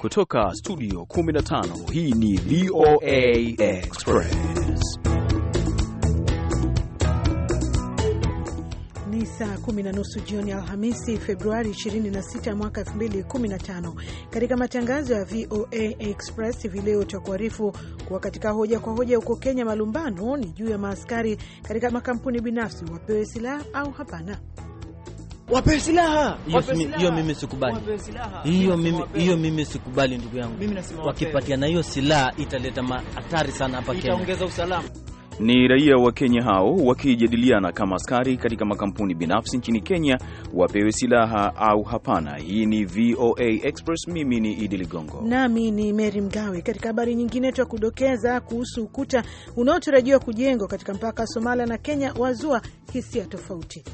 Kutoka studio 15 hii ni VOA Express. Ni saa kumi na nusu jioni Alhamisi, Februari 26 mwaka 2015. Katika matangazo ya VOA Express hivi leo tutakuarifu kuwa katika hoja kwa hoja huko Kenya, malumbano ni juu ya maaskari katika makampuni binafsi wapewe silaha au hapana wape silaha hiyo. Mimi sikubali hiyo, mimi hiyo mimi sikubali ndugu yangu. Wakipatiana hiyo silaha italeta hatari sana hapa Kenya, itaongeza usalama. Ni raia wa Kenya hao wakijadiliana kama askari katika makampuni binafsi nchini Kenya wapewe silaha au hapana. Hii ni VOA Express, mimi ni Idi Ligongo nami ni Mary Mgawe. Katika habari nyingine, twa kudokeza kuhusu ukuta unaotarajiwa kujengwa katika mpaka wa Somalia na Kenya wazua hisia tofauti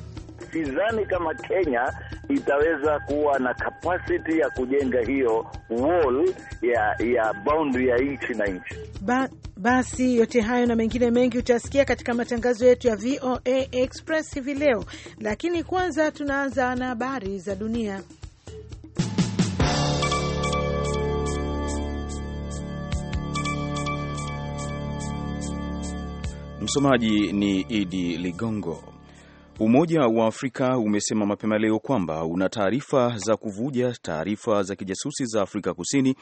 sidhani kama Kenya itaweza kuwa na capacity ya kujenga hiyo wall ya ya boundary ya nchi na nchi. Ba, basi yote hayo na mengine mengi utasikia katika matangazo yetu ya VOA Express hivi leo, lakini kwanza tunaanza na habari za dunia. Msomaji ni Idi Ligongo. Umoja wa Afrika umesema mapema leo kwamba una taarifa za kuvuja taarifa za kijasusi za Afrika Kusini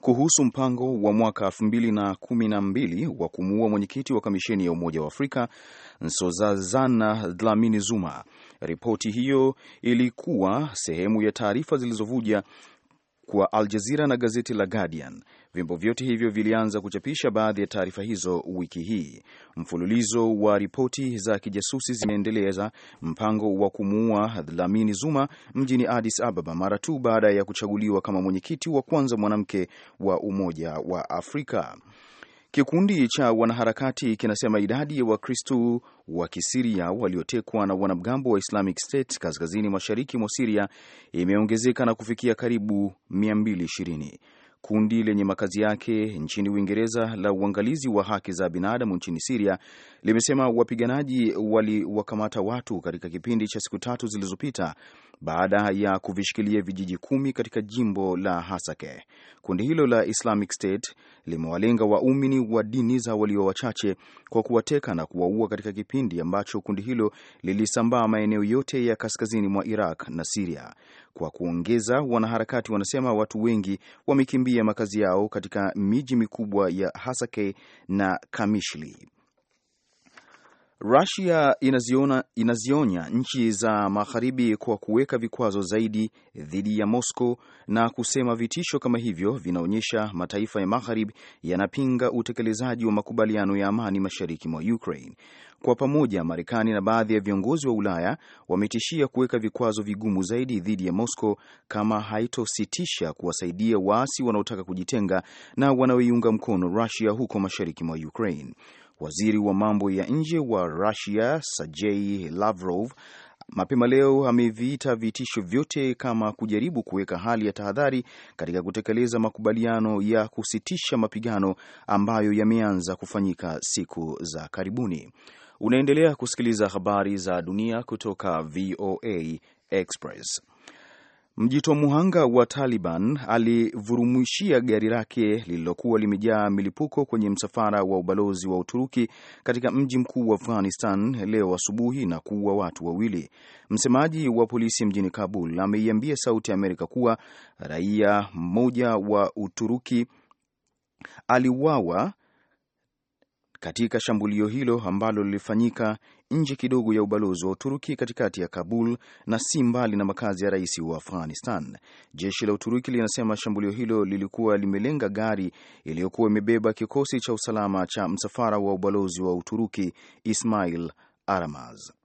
kuhusu mpango wa mwaka 2012 wa kumuua mwenyekiti wa kamisheni ya Umoja wa Afrika Nsozazana Dlamini Zuma. Ripoti hiyo ilikuwa sehemu ya taarifa zilizovuja kwa Al Jazeera na gazeti la Guardian. Vyombo vyote hivyo vilianza kuchapisha baadhi ya taarifa hizo wiki hii. Mfululizo wa ripoti za kijasusi zimeendeleza mpango wa kumuua Dlamini Zuma mjini Addis Ababa mara tu baada ya kuchaguliwa kama mwenyekiti wa kwanza mwanamke wa Umoja wa Afrika. Kikundi cha wanaharakati kinasema idadi ya Wakristo wa Kisiria waliotekwa na wanamgambo wa Islamic State kaskazini mashariki mwa Siria imeongezeka na kufikia karibu 220. Kundi lenye makazi yake nchini Uingereza la uangalizi wa haki za binadamu nchini Siria limesema wapiganaji waliwakamata watu katika kipindi cha siku tatu zilizopita baada ya kuvishikilia vijiji kumi katika jimbo la Hasake. Kundi hilo la Islamic State limewalenga waumini wa dini za walio wachache kwa kuwateka na kuwaua katika kipindi ambacho kundi hilo lilisambaa maeneo yote ya kaskazini mwa Iraq na Siria. Kwa kuongeza, wanaharakati wanasema watu wengi wamekimbia makazi yao katika miji mikubwa ya Hasake na Kamishli. Rusia inaziona, inazionya nchi za magharibi kwa kuweka vikwazo zaidi dhidi ya Moscow na kusema vitisho kama hivyo vinaonyesha mataifa ya magharibi yanapinga utekelezaji wa makubaliano ya amani mashariki mwa Ukraine. Kwa pamoja, Marekani na baadhi ya viongozi wa Ulaya wametishia kuweka vikwazo vigumu zaidi dhidi ya Moscow kama haitositisha kuwasaidia waasi wanaotaka kujitenga na wanaoiunga mkono Rusia huko mashariki mwa Ukraine. Waziri wa mambo ya nje wa Russia Sergei Lavrov mapema leo ameviita vitisho vyote kama kujaribu kuweka hali ya tahadhari katika kutekeleza makubaliano ya kusitisha mapigano ambayo yameanza kufanyika siku za karibuni. Unaendelea kusikiliza habari za dunia kutoka VOA Express. Mjito muhanga wa Taliban alivurumishia gari lake lililokuwa limejaa milipuko kwenye msafara wa ubalozi wa Uturuki katika mji mkuu wa Afghanistan leo asubuhi na kuua watu wawili. Msemaji wa polisi mjini Kabul ameiambia Sauti ya Amerika kuwa raia mmoja wa Uturuki aliuawa katika shambulio hilo ambalo lilifanyika nje kidogo ya ubalozi wa Uturuki katikati ya Kabul na si mbali na makazi ya rais wa Afghanistan. Jeshi la Uturuki linasema shambulio hilo lilikuwa limelenga gari iliyokuwa imebeba kikosi cha usalama cha msafara wa ubalozi wa Uturuki Ismail Aramaz.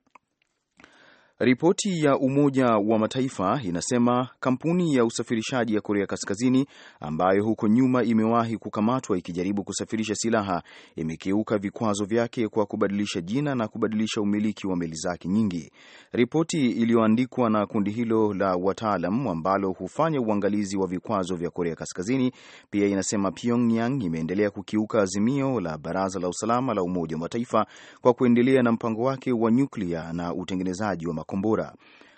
Ripoti ya Umoja wa Mataifa inasema kampuni ya usafirishaji ya Korea Kaskazini ambayo huko nyuma imewahi kukamatwa ikijaribu kusafirisha silaha imekiuka vikwazo vyake kwa kubadilisha jina na kubadilisha umiliki wa meli zake nyingi. Ripoti iliyoandikwa na kundi hilo la wataalam ambalo hufanya uangalizi wa vikwazo vya Korea Kaskazini pia inasema Pyongyang imeendelea kukiuka azimio la Baraza la Usalama la Umoja wa Mataifa kwa kuendelea na mpango wake wa nyuklia na utengenezaji wa makombora.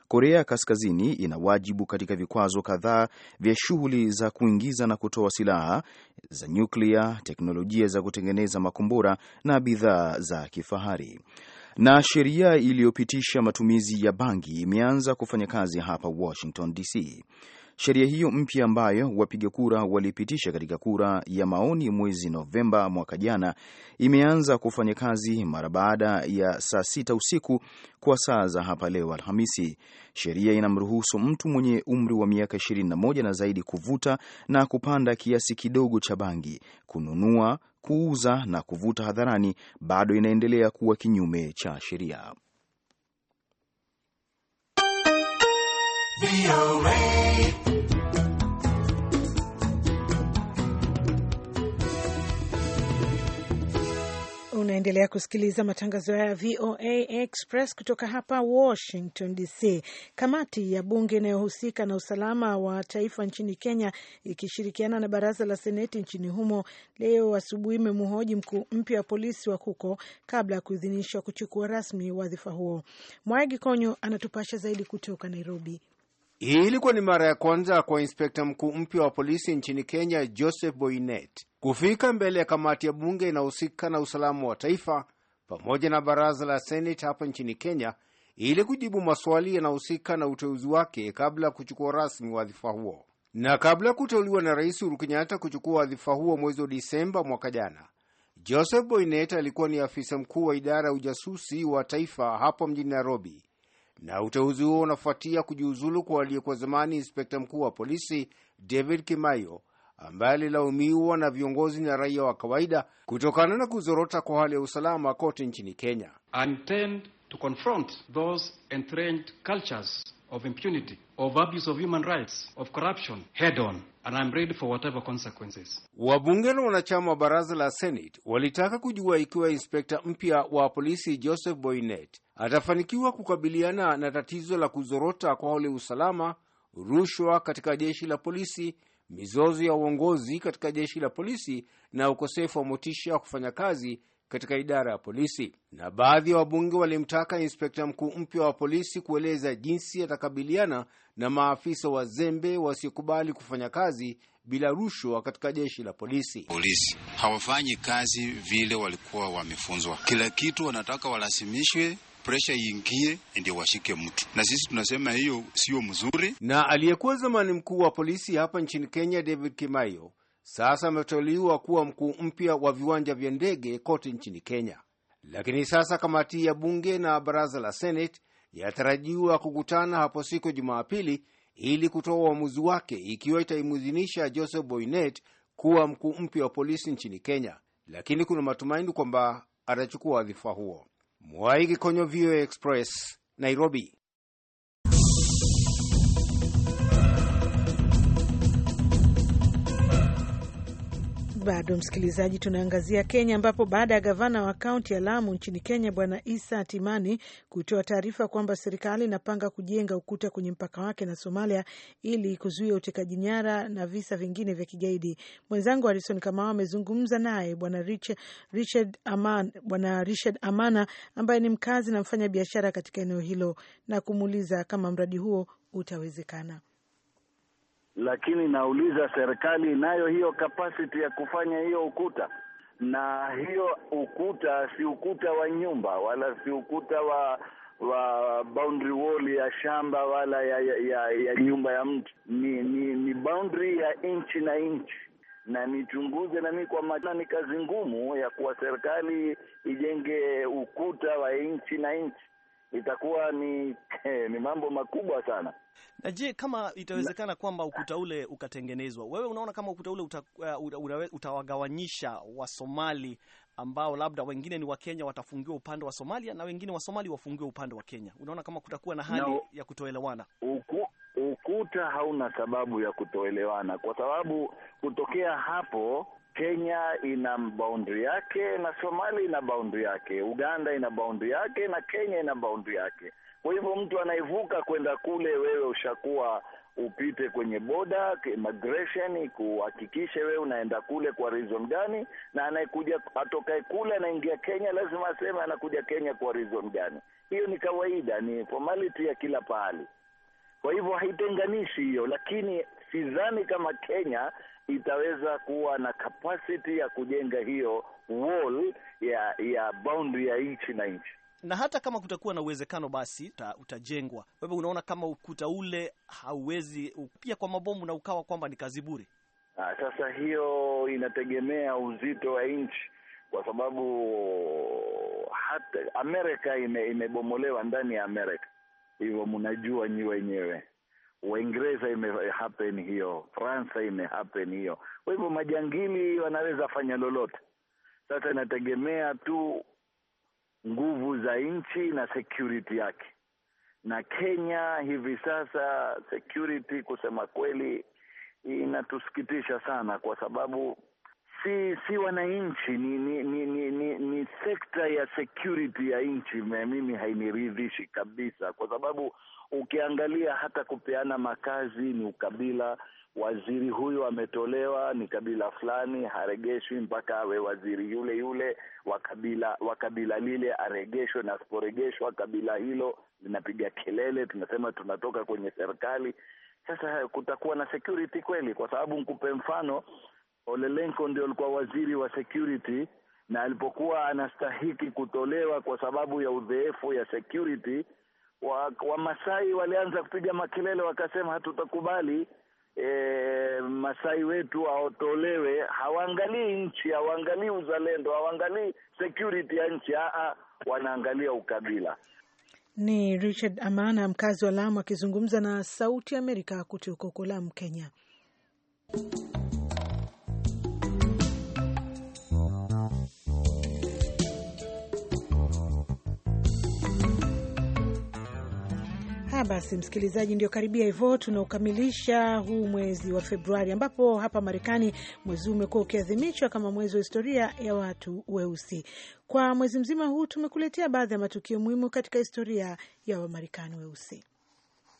Korea Kaskazini ina wajibu katika vikwazo kadhaa vya shughuli za kuingiza na kutoa silaha za nyuklia, teknolojia za kutengeneza makombora na bidhaa za kifahari. Na sheria iliyopitisha matumizi ya bangi imeanza kufanya kazi hapa Washington DC. Sheria hiyo mpya ambayo wapiga kura walipitisha katika kura ya maoni mwezi Novemba mwaka jana imeanza kufanya kazi mara baada ya saa sita usiku kwa saa za hapa leo Alhamisi. Sheria inamruhusu mtu mwenye umri wa miaka 21 na zaidi kuvuta na kupanda kiasi kidogo cha bangi, kununua, kuuza na kuvuta hadharani bado inaendelea kuwa kinyume cha sheria. Unaendelea kusikiliza matangazo ya VOA Express kutoka hapa Washington DC. Kamati ya bunge inayohusika na usalama wa taifa nchini Kenya ikishirikiana na baraza la seneti nchini humo leo asubuhi imemhoji mkuu mpya wa polisi wa kuko kabla ya kuidhinishwa kuchukua rasmi wadhifa huo. Mwaegi Konyo anatupasha zaidi kutoka Nairobi. Hii ilikuwa ni mara ya kwanza kwa inspekta mkuu mpya wa polisi nchini Kenya, Joseph Boynet, kufika mbele ya kamati ya bunge inahusika na usalama wa taifa pamoja na baraza la Seneti hapa nchini Kenya ili kujibu maswali yanahusika na uteuzi wake kabla ya kuchukua rasmi wadhifa huo. Na kabla ya kuteuliwa na Rais Uhuru Kenyatta kuchukua wadhifa huo mwezi wa Disemba mwaka jana, Joseph Boynet alikuwa ni afisa mkuu wa idara ya ujasusi wa taifa hapo mjini Nairobi na uteuzi huo unafuatia kujiuzulu kwa aliyekuwa zamani inspekta mkuu wa polisi David Kimayo ambaye alilaumiwa na viongozi na raia wa kawaida kutokana na kuzorota kwa hali ya usalama kote nchini Kenya. And I'm ready for whatever consequences. Wabunge na wanachama wa baraza la Senate walitaka kujua ikiwa inspekta mpya wa polisi Joseph Boynet atafanikiwa kukabiliana na tatizo la kuzorota kwa hali usalama, rushwa katika jeshi la polisi, mizozo ya uongozi katika jeshi la polisi na ukosefu wa motisha wa kufanya kazi katika idara ya polisi, na baadhi ya wabunge walimtaka inspekta mkuu mpya wa polisi kueleza jinsi atakabiliana na maafisa wazembe wasiokubali kufanya kazi bila rushwa katika jeshi la polisi. Polisi hawafanyi kazi vile walikuwa wamefunzwa, kila kitu wanataka walasimishwe presha iingie ndio washike mtu, na sisi tunasema hiyo sio mzuri. Na aliyekuwa zamani mkuu wa polisi hapa nchini Kenya David Kimaio sasa ameteuliwa kuwa mkuu mpya wa viwanja vya ndege kote nchini Kenya. Lakini sasa kamati ya bunge na baraza la Senate yatarajiwa kukutana hapo siku ya Jumapili ili kutoa uamuzi wake ikiwa itaimuidhinisha Joseph Boynet kuwa mkuu mpya wa polisi nchini Kenya, lakini kuna matumaini kwamba atachukua wadhifa huo. Mwai Konyo, VOA Express, Nairobi. Bado msikilizaji, tunaangazia Kenya ambapo baada ya gavana wa kaunti ya Lamu nchini Kenya Bwana Isa Timani kutoa taarifa kwamba serikali inapanga kujenga ukuta kwenye mpaka wake na Somalia ili kuzuia utekaji nyara na visa vingine vya kigaidi, mwenzangu Harison Kamao amezungumza naye Bwana Richard, Richard, Aman, Bwana Richard Amana ambaye ni mkazi na mfanya biashara katika eneo hilo na kumuuliza kama mradi huo utawezekana lakini nauliza serikali inayo hiyo kapasiti ya kufanya hiyo ukuta? Na hiyo ukuta si ukuta wa nyumba wala si ukuta wa wa boundary wall ya shamba wala ya, ya, ya, ya nyumba ya mtu, ni ni, ni boundary ya nchi na nchi na nichunguze nami kwa maana ni kazi ngumu ya kuwa serikali ijenge ukuta wa nchi na nchi, itakuwa ni, ni mambo makubwa sana. Na je, kama itawezekana kwamba ukuta ule ukatengenezwa, wewe unaona kama ukuta ule uta, uh, utawagawanyisha Wasomali ambao labda wengine ni Wakenya watafungiwa upande wa Somalia na wengine Wasomali wafungiwe upande wa Kenya? Unaona kama kutakuwa na hali no. ya kutoelewana? Uku, ukuta hauna sababu ya kutoelewana kwa sababu kutokea hapo Kenya ina boundary yake na Somalia ina boundary yake, Uganda ina boundary yake na Kenya ina boundary yake. Kwa hivyo mtu anaivuka kwenda kule, wewe ushakuwa upite kwenye boda immigration kuhakikishe wewe unaenda kule kwa reason gani, na anayekuja atokae kule anaingia Kenya lazima aseme anakuja Kenya kwa reason gani. Hiyo ni kawaida, ni formality ya kila pahali. Kwa hivyo haitenganishi hiyo, lakini sidhani kama Kenya itaweza kuwa na capacity ya kujenga hiyo wall ya ya boundary ya nchi na nchi na hata kama kutakuwa na uwezekano basi uta, utajengwa. Wewe unaona kama ukuta ule hauwezi pia kwa mabomu na ukawa kwamba ni kazi bure? Ah, sasa hiyo inategemea uzito wa nchi, kwa sababu hata Amerika ime, imebomolewa ndani ya Amerika, hivyo mnajua nyi wenyewe. Waingereza ime happen hiyo, Fransa ime happen hiyo. Kwa hivyo majangili wanaweza fanya lolote. Sasa inategemea tu nguvu za nchi na security yake. Na Kenya hivi sasa security, kusema kweli, inatusikitisha sana, kwa sababu si si wananchi ni ni, ni, ni, ni, ni sekta ya security ya nchi mimi hainiridhishi kabisa, kwa sababu ukiangalia hata kupeana makazi ni ukabila waziri huyu ametolewa ni kabila fulani, haregeshwi mpaka awe waziri yule yule wa kabila wa kabila lile aregeshwe, na asiporegeshwa kabila hilo linapiga kelele, tunasema tunatoka kwenye serikali. Sasa kutakuwa na security kweli? Kwa sababu nkupe mfano, olelenko ndio alikuwa waziri wa security, na alipokuwa anastahiki kutolewa kwa sababu ya udheefu ya security, Wamasai wa walianza kupiga makelele, wakasema hatutakubali e, Masai wetu aotolewe Hawaangalii nchi, hawaangalii uzalendo, hawaangalii security ya nchi, aa, wanaangalia ukabila. Ni Richard Amana, mkazi wa Lamu, akizungumza na Sauti ya Amerika kutoka huko Lamu, Kenya. basi, msikilizaji, ndio karibia hivyo tunaokamilisha huu mwezi wa Februari, ambapo hapa Marekani mwezi huu umekuwa ukiadhimishwa kama mwezi wa historia ya watu weusi. Kwa mwezi mzima huu tumekuletea baadhi ya matukio muhimu katika historia ya Wamarekani weusi.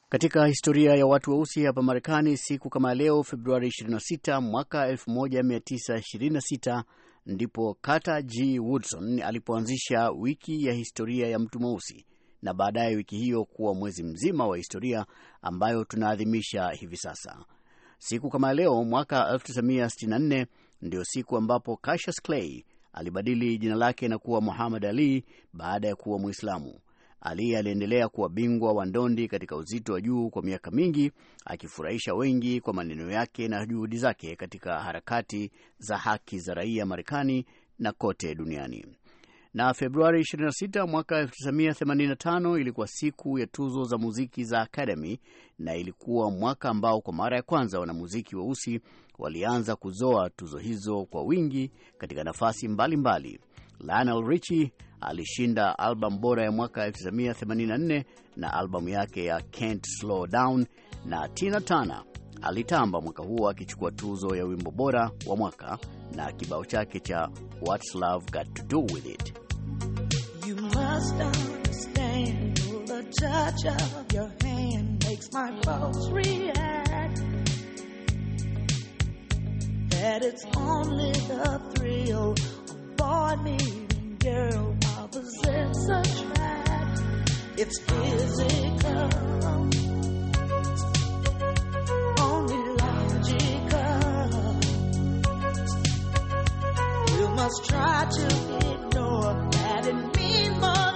Katika historia ya watu weusi hapa Marekani, siku kama leo Februari 26 mwaka 1926 ndipo Carter G. Woodson alipoanzisha wiki ya historia ya mtu mweusi na baadaye wiki hiyo kuwa mwezi mzima wa historia ambayo tunaadhimisha hivi sasa. Siku kama leo mwaka 1964 ndio siku ambapo Cassius Clay alibadili jina lake na kuwa Muhammad Ali baada ya kuwa Mwislamu. Ali aliendelea kuwa bingwa wa ndondi katika uzito wa juu kwa miaka mingi, akifurahisha wengi kwa maneno yake na juhudi zake katika harakati za haki za raia Marekani na kote duniani na Februari 26 mwaka 1985 ilikuwa siku ya tuzo za muziki za Academy, na ilikuwa mwaka ambao kwa mara ya kwanza wanamuziki weusi wa walianza kuzoa tuzo hizo kwa wingi katika nafasi mbalimbali. Lionel Richie alishinda albamu bora ya mwaka 1984 na albamu yake ya Can't Slow Down, na Tina Turner alitamba mwaka huo akichukua tuzo ya wimbo bora wa mwaka na kibao chake cha What's Love Got to Do with It. just understand. The touch of your hand makes my pulse react. That it's only the thrill of boy meeting girl opposites attract. It's physical. only logical. must try to ignore more.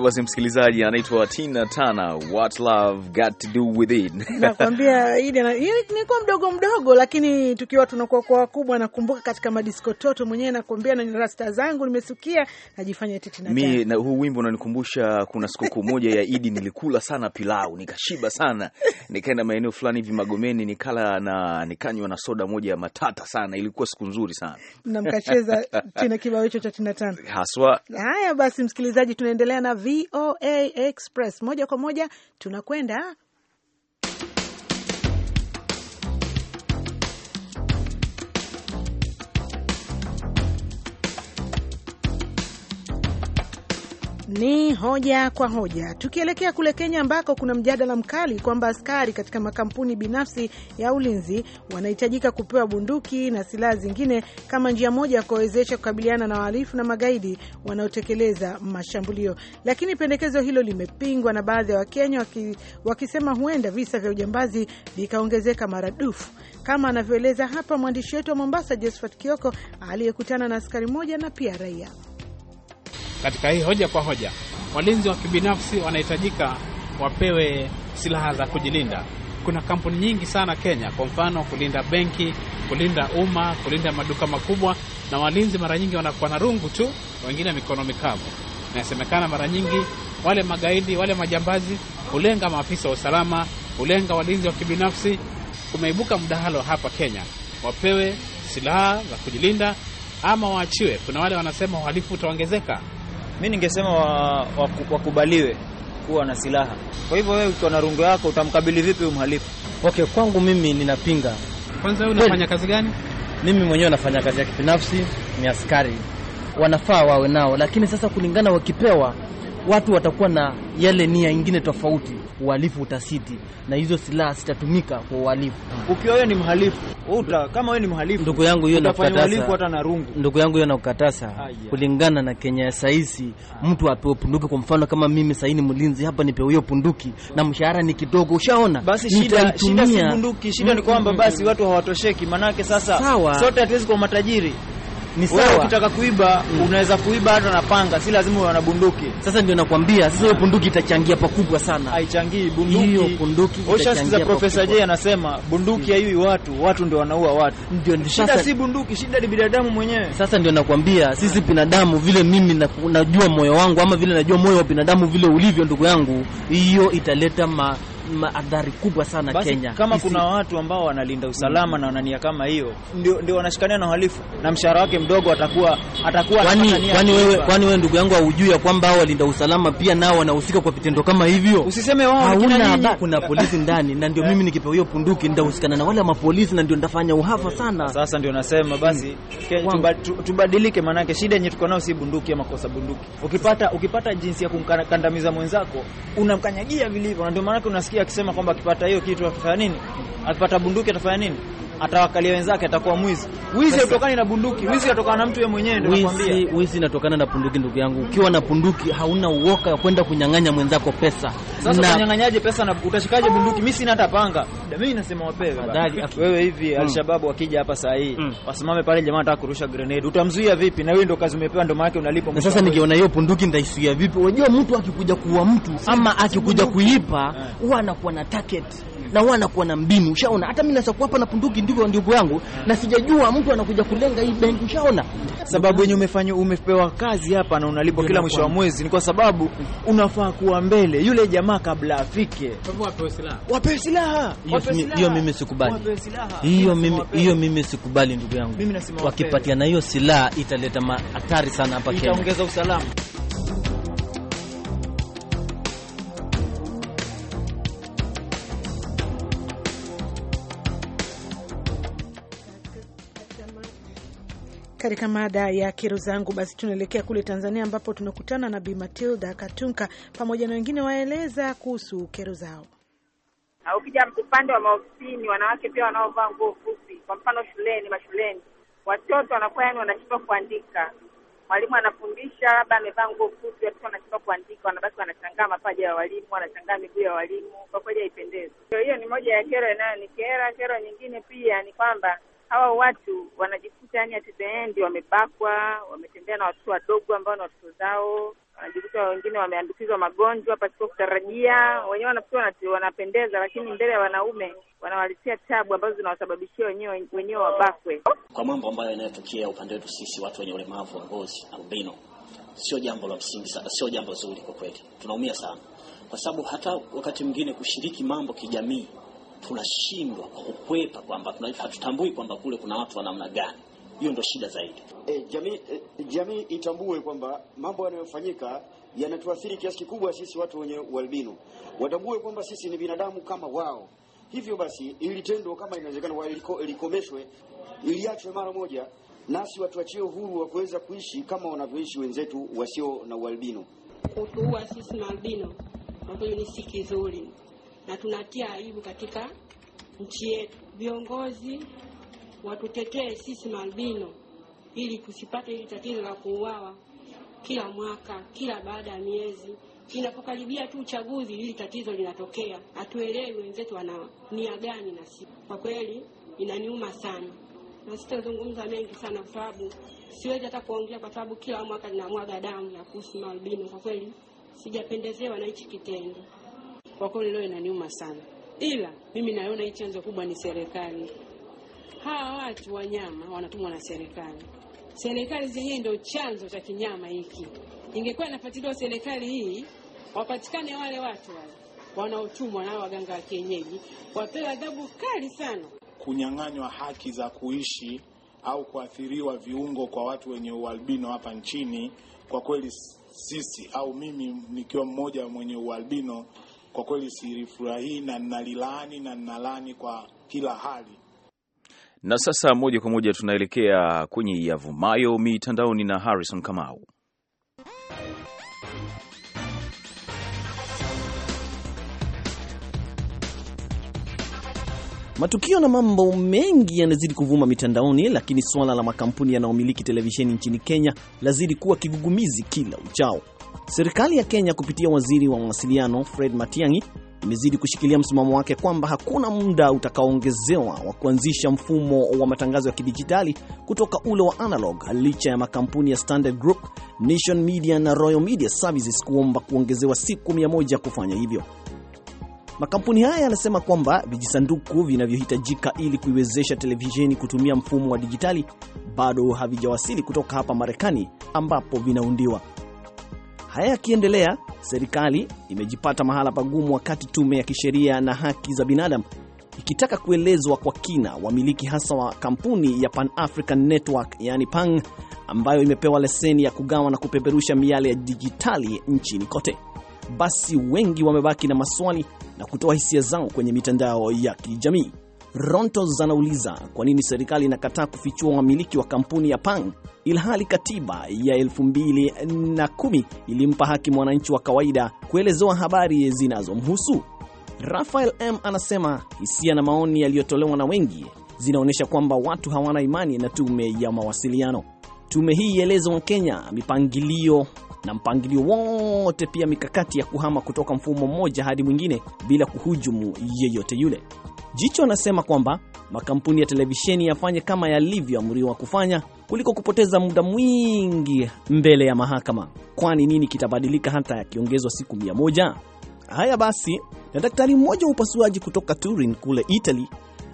basi, msikilizaji, anaitwa Tina Tana, What Love Got to Do With It. Nakwambia ni kwa mdogo mdogo, lakini tukiwa tunakuwa kwa wakubwa, nakumbuka katika madisko toto mwenyewe, nakwambia na rasta zangu nimesukia, najifanya eti Tina Tana. na huu wimbo unanikumbusha, kuna sikukuu moja ya Idi nilikula sana pilau nikashiba sana, nikaenda maeneo fulani hivi Magomeni, nikala na nikanywa na soda moja ya matata sana, ilikuwa siku nzuri sana na mkacheza tena kibao hicho cha Tina Tana haswa. Haya basi, msikilizaji, tunaendelea na vi VOA Express moja kwa moja tunakwenda ni hoja kwa hoja, tukielekea kule Kenya ambako kuna mjadala mkali kwamba askari katika makampuni binafsi ya ulinzi wanahitajika kupewa bunduki na silaha zingine kama njia moja ya kuwawezesha kukabiliana na wahalifu na magaidi wanaotekeleza mashambulio. Lakini pendekezo hilo limepingwa na baadhi ya Wakenya waki, wakisema huenda visa vya ujambazi vikaongezeka maradufu, kama anavyoeleza hapa mwandishi wetu wa Mombasa, Josephat Kioko, aliyekutana na askari mmoja na pia raia. Katika hii hoja kwa hoja, walinzi wa kibinafsi wanahitajika wapewe silaha za kujilinda. Kuna kampuni nyingi sana Kenya, kwa mfano kulinda benki, kulinda umma, kulinda maduka makubwa, na walinzi mara nyingi wanakuwa na rungu tu, wengine mikono mikavu. Inasemekana mara nyingi wale magaidi, wale majambazi hulenga maafisa wa usalama, hulenga walinzi wa kibinafsi. Kumeibuka mdahalo hapa Kenya, wapewe silaha za kujilinda ama waachiwe. Kuna wale wanasema uhalifu utaongezeka mi ningesema wakubaliwe wa, wa kuwa na silaha. Kwa hivyo wewe ukiwa na rungu yako utamkabili vipi mhalifu? Okay, kwangu mimi ninapinga. Kwanza wewe unafanya kazi gani? Mimi mwenyewe nafanya kazi ya kibinafsi, ni askari, wanafaa wawe nao, lakini sasa kulingana wakipewa watu watakuwa na yale nia ingine tofauti, uhalifu utasiti na hizo silaha zitatumika kwa uhalifu. Ukiwa wewe ni mhalifu uta, kama wewe ni mhalifu ndugu yangu, hiyo hata na rungu. Ndugu yangu, hiyo nakukatasa ah, Kulingana na Kenya ya saisi ah. Mtu apewe punduki kwa mfano, kama mimi sasa ni mlinzi hapa, nipewe hiyo punduki na mshahara ni kidogo, ushaona? Basi shida shida si bunduki, shida ni kwamba mm, mm, mm, basi watu hawatosheki, manake sasa sawa. Sote hatuwezi kwa matajiri ni sawa. Ukitaka kuiba mm. unaweza kuiba hata na panga, si lazima uwe na bunduki. Sasa ndio nakwambia sasa, hiyo bunduki itachangia pakubwa sana. Haichangii bunduki, hiyo bunduki itachangia. Profesa J anasema bunduki haiui mm. watu, watu ndio wanaua watu. Ndio ndio, shida si bunduki, shida ni binadamu mwenyewe. Sasa ndio nakwambia sisi binadamu, vile mimi na, najua moyo wangu ama vile najua moyo wa binadamu vile ulivyo, ndugu yangu, hiyo italeta ma madhari kubwa sana Basi, Kenya. Kama Isi... kuna watu ambao wanalinda usalama mm -hmm. na wanania kama hiyo ndio, ndio wanashikania na uhalifu na mshahara wake mdogo atakuwa atakuwa kwani kwani wewe kwani wewe ndugu yangu haujui ya kwamba hao walinda usalama pia nao wanahusika kwa vitendo kama hivyo? Usiseme wao hauna, kuna polisi ndani na ndio eh. mimi nikipewa hiyo punduki nitahusikana na wale mapolisi na ndio nitafanya uhafa eh, sana. Sasa ndio nasema basi mm. tubadilike, maanake shida yenye tuko nayo si bunduki ama kosa bunduki. Ukipata ukipata jinsi ya kumkandamiza mwenzako unamkanyagia vilivyo, na ndio maana unasikia akisema kwamba akipata hiyo kitu atafanya nini, akipata bunduki atafanya nini, atawakalia wenzake, atakuwa mwizi. Wizi utokana na bunduki, wizi atokana na mtu yeye mwenyewe, ndio nakwambia. Wizi inatokana na bunduki, ndugu yangu. Ukiwa na bunduki hauna uoka kwenda kunyang'anya mwenzako pesa. Sasa unanyang'anyaje pesa na utashikaje ah. bunduki? Mimi sina hata panga. Mimi nasema wapewe wewe hivi mm. Alshababu wakija hapa saa hii mm. wasimame pale, jamaa anataka kurusha grenade, utamzuia vipi? Na wewe ndio kazi umepewa, ndio maana unalipwa. Sasa nikiona hiyo bunduki nitaizuia vipi? Unajua mtu akikuja kuua mtu ama akikuja kuipa eh. huwa anakuwa na target na wao anakuwa na mbinu. Ushaona, hata mimi naweza kuwapa na punduki ndivyo ndugu yangu, na sijajua mtu anakuja kulenga hii benki. Ushaona sababu yenye umefanya umepewa kazi hapa na unalipwa kila mwisho wa mwezi, ni kwa sababu unafaa kuwa mbele yule jamaa kabla afike. Wapewe silaha, Hiyo mimi sikubali, hiyo mimi hiyo mimi sikubali ndugu yangu. Wakipatiana hiyo silaha italeta hatari sana hapa Kenya, itaongeza usalama. katika mada ya kero zangu, basi tunaelekea kule Tanzania ambapo tunakutana na Bi Matilda Katunka pamoja na wengine waeleza kuhusu kero zao. Ukija upande wa maofisini, wanawake pia wanaovaa nguo fupi, kwa mfano shuleni, mashuleni, watoto wanakuwa yani wanashindwa kuandika. Mwalimu anafundisha labda amevaa nguo fupi, watoto wanashindwa kuandika, wanabaki wanashangaa mapaja ya walimu, wanashangaa miguu ya walimu. Kwa kweli haipendezi. Hiyo ni moja ya kero inayonikera. Kero nyingine pia ni kwamba hawa watu wanajikuta yani at the end wamebakwa, wametembea na watoto wadogo ambao ni watoto zao, wanajikuta wengine wameambukizwa magonjwa pasipo kutarajia. Wenyewe wanafikiri wanapendeza, lakini mbele ya wanaume wanawalitia tabu ambazo zinawasababishia wenyewe wenyewe wabakwe. Kwa mambo ambayo yanayotokea upande wetu sisi watu wenye ulemavu wa ngozi albino, sio jambo la msingi sana, sio jambo zuri kwa kweli, tunaumia sana, kwa sababu hata wakati mwingine kushiriki mambo kijamii tunashindwa kwa kukwepa kwamba hatutambui kwamba kule kuna watu wa namna gani. Hiyo ndio shida zaidi. E, jamii e, jamii itambue kwamba mambo yanayofanyika yanatuathiri kiasi kikubwa sisi watu wenye ualbino, watambue kwamba sisi ni binadamu kama wao. Hivyo basi tendo kama inawezekana iliko, ilikomeshwe, iliachwe mara moja, nasi watuachie uhuru wa kuweza kuishi kama wanavyoishi wenzetu wasio na ualbino. Kutuua sisi na albino kwa kweli ni si kizuri na tunatia aibu katika nchi yetu. Viongozi watutetee sisi maalbino ili tusipate hili tatizo la kuuawa kila mwaka, kila baada ya miezi. Inapokaribia tu uchaguzi, hili tatizo linatokea. Hatuelewi wenzetu wana nia gani, na sisi. kwa kweli inaniuma sana, na sitazungumza mengi sana kwa sababu siwezi hata kuongea, kwa sababu kila mwaka linamwaga damu ya kuhusu maalbino. Kwa kweli sijapendezewa na hichi kitendo. Kwa kweli leo inaniuma sana, ila mimi naona hii chanzo kubwa ni serikali. Hawa watu wanyama wanatumwa na serikali, serikali zenyewe ndio chanzo cha kinyama hiki. Ingekuwa inafuatiliwa serikali hii, wapatikane wale watu wale wanaotumwa na waganga wa kienyeji, wapewe adhabu kali sana. Kunyang'anywa haki za kuishi au kuathiriwa viungo kwa watu wenye ualbino hapa nchini, kwa kweli sisi au mimi nikiwa mmoja mwenye ualbino kwa kweli silifurahii na nalilaani na nalani kwa kila hali. Na sasa moja kwa moja tunaelekea kwenye yavumayo mitandaoni na Harrison Kamau. Matukio na mambo mengi yanazidi kuvuma mitandaoni, lakini suala la makampuni yanayomiliki televisheni nchini Kenya lazidi kuwa kigugumizi kila uchao. Serikali ya Kenya kupitia waziri wa mawasiliano Fred Matiang'i imezidi kushikilia msimamo wake kwamba hakuna muda utakaoongezewa wa kuanzisha mfumo wa matangazo ya kidijitali kutoka ule wa analog, licha ya makampuni ya Standard Group, Nation Media na Royal Media Services kuomba kuongezewa siku 100 kufanya hivyo. Makampuni haya yanasema kwamba vijisanduku vinavyohitajika ili kuiwezesha televisheni kutumia mfumo wa dijitali bado havijawasili kutoka hapa Marekani ambapo vinaundiwa. Haya yakiendelea, serikali imejipata mahala pagumu, wakati tume ya kisheria na haki za binadamu ikitaka kuelezwa kwa kina wamiliki hasa wa kampuni ya Pan African Network yani PANG ambayo imepewa leseni ya kugawa na kupeperusha miale ya dijitali nchini kote. Basi wengi wamebaki na maswali na kutoa hisia zao kwenye mitandao ya kijamii. Rontos anauliza kwa nini serikali inakataa kufichua wamiliki wa kampuni ya Pang ilhali katiba ya 2010 ilimpa haki mwananchi wa kawaida kuelezewa habari zinazomhusu. Rafael M anasema hisia na maoni yaliyotolewa na wengi zinaonyesha kwamba watu hawana imani na tume ya mawasiliano. Tume hii ieleza kenya mipangilio na mpangilio wote, pia mikakati ya kuhama kutoka mfumo mmoja hadi mwingine bila kuhujumu yeyote yule. Jicho anasema kwamba makampuni ya televisheni yafanye kama yalivyoamriwa kufanya kuliko kupoteza muda mwingi mbele ya mahakama, kwani nini kitabadilika hata yakiongezwa siku mia moja? Haya basi, na daktari mmoja wa upasuaji kutoka Turin kule Italy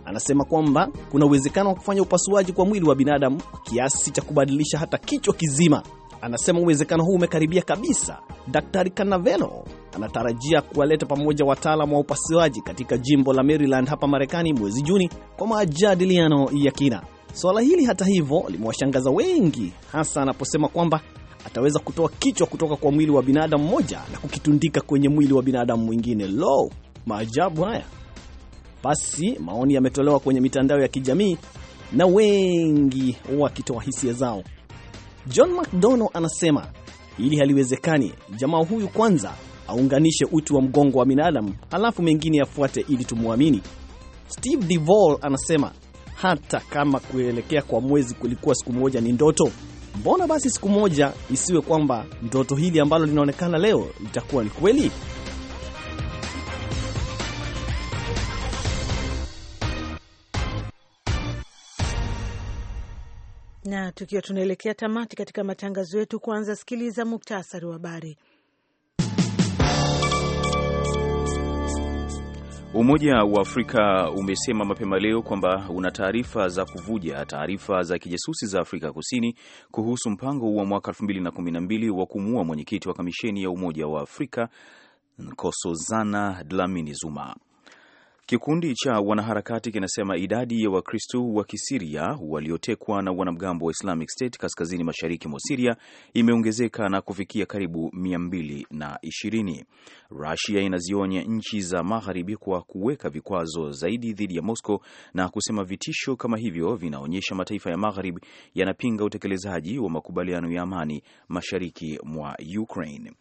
anasema kwamba kuna uwezekano wa kufanya upasuaji kwa mwili wa binadamu kiasi cha kubadilisha hata kichwa kizima Anasema uwezekano huu umekaribia kabisa. Daktari Canavero anatarajia kuwaleta pamoja wataalam wa upasuaji katika jimbo la Maryland hapa Marekani mwezi Juni kwa majadiliano ya kina. Suala hili hata hivyo limewashangaza wengi, hasa anaposema kwamba ataweza kutoa kichwa kutoka kwa mwili wa binadamu mmoja na kukitundika kwenye mwili wa binadamu mwingine. Lo, maajabu haya! Basi maoni yametolewa kwenye mitandao ya kijamii na wengi wakitoa hisia zao. John mcdonald anasema hili haliwezekani. Jamaa huyu kwanza aunganishe uti wa mgongo wa binadamu, halafu mengine yafuate ili tumwamini. Steve DeVol anasema hata kama kuelekea kwa mwezi kulikuwa siku moja ni ndoto, mbona basi siku moja isiwe kwamba ndoto hili ambalo linaonekana leo litakuwa ni kweli? tukiwa tunaelekea tamati katika matangazo yetu, kwanza sikiliza muktasari wa habari. Umoja wa Afrika umesema mapema leo kwamba una taarifa za kuvuja taarifa za kijasusi za Afrika Kusini kuhusu mpango wa mwaka 2012 wa kumuua mwenyekiti wa kamisheni ya Umoja wa Afrika Nkosazana Dlamini Zuma. Kikundi cha wanaharakati kinasema idadi ya Wakristo wa Kisiria waliotekwa na wanamgambo wa Islamic State kaskazini mashariki mwa Siria imeongezeka na kufikia karibu 220. Rusia inazionya nchi za magharibi kwa kuweka vikwazo zaidi dhidi ya Moscow na kusema vitisho kama hivyo vinaonyesha mataifa ya magharibi yanapinga utekelezaji wa makubaliano ya amani mashariki mwa Ukraine.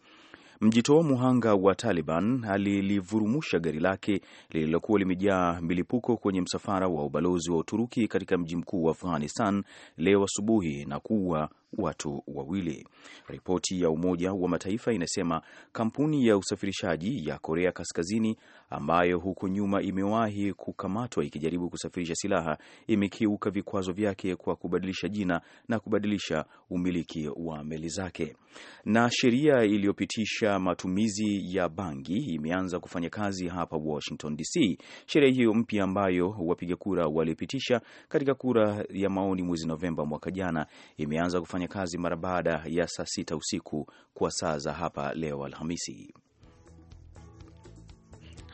Mjitoa muhanga wa Taliban alilivurumusha gari lake lililokuwa limejaa milipuko kwenye msafara wa ubalozi wa Uturuki katika mji mkuu wa Afghanistan leo asubuhi na kuua watu wawili. Ripoti ya Umoja wa Mataifa inasema kampuni ya usafirishaji ya Korea Kaskazini ambayo huko nyuma imewahi kukamatwa ikijaribu kusafirisha silaha imekiuka vikwazo vyake kwa kubadilisha jina na kubadilisha umiliki wa meli zake. Na sheria iliyopitisha matumizi ya bangi imeanza kufanya kazi hapa Washington DC. Sheria hiyo mpya ambayo wapiga kura walipitisha katika kura ya maoni mwezi Novemba mwaka jana imeanza kufanya kufanya kazi mara baada ya saa sita usiku kwa saa za hapa leo Alhamisi.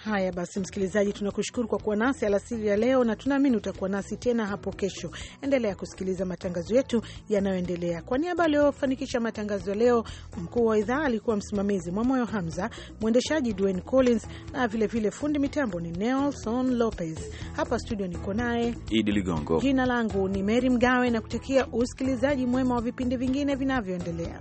Haya basi, msikilizaji, tunakushukuru kwa kuwa nasi alasiri ya leo, na tunaamini utakuwa nasi tena hapo kesho. Endelea kusikiliza matangazo yetu yanayoendelea. Kwa niaba aliyofanikisha matangazo ya leo, mkuu wa idhaa alikuwa msimamizi Mwamoyo Hamza, mwendeshaji Dwayne Collins na vilevile fundi mitambo ni Nelson Lopez. Hapa studio niko naye Idi Ligongo. Jina langu ni Mary Mgawe na kutakia usikilizaji mwema wa vipindi vingine vinavyoendelea.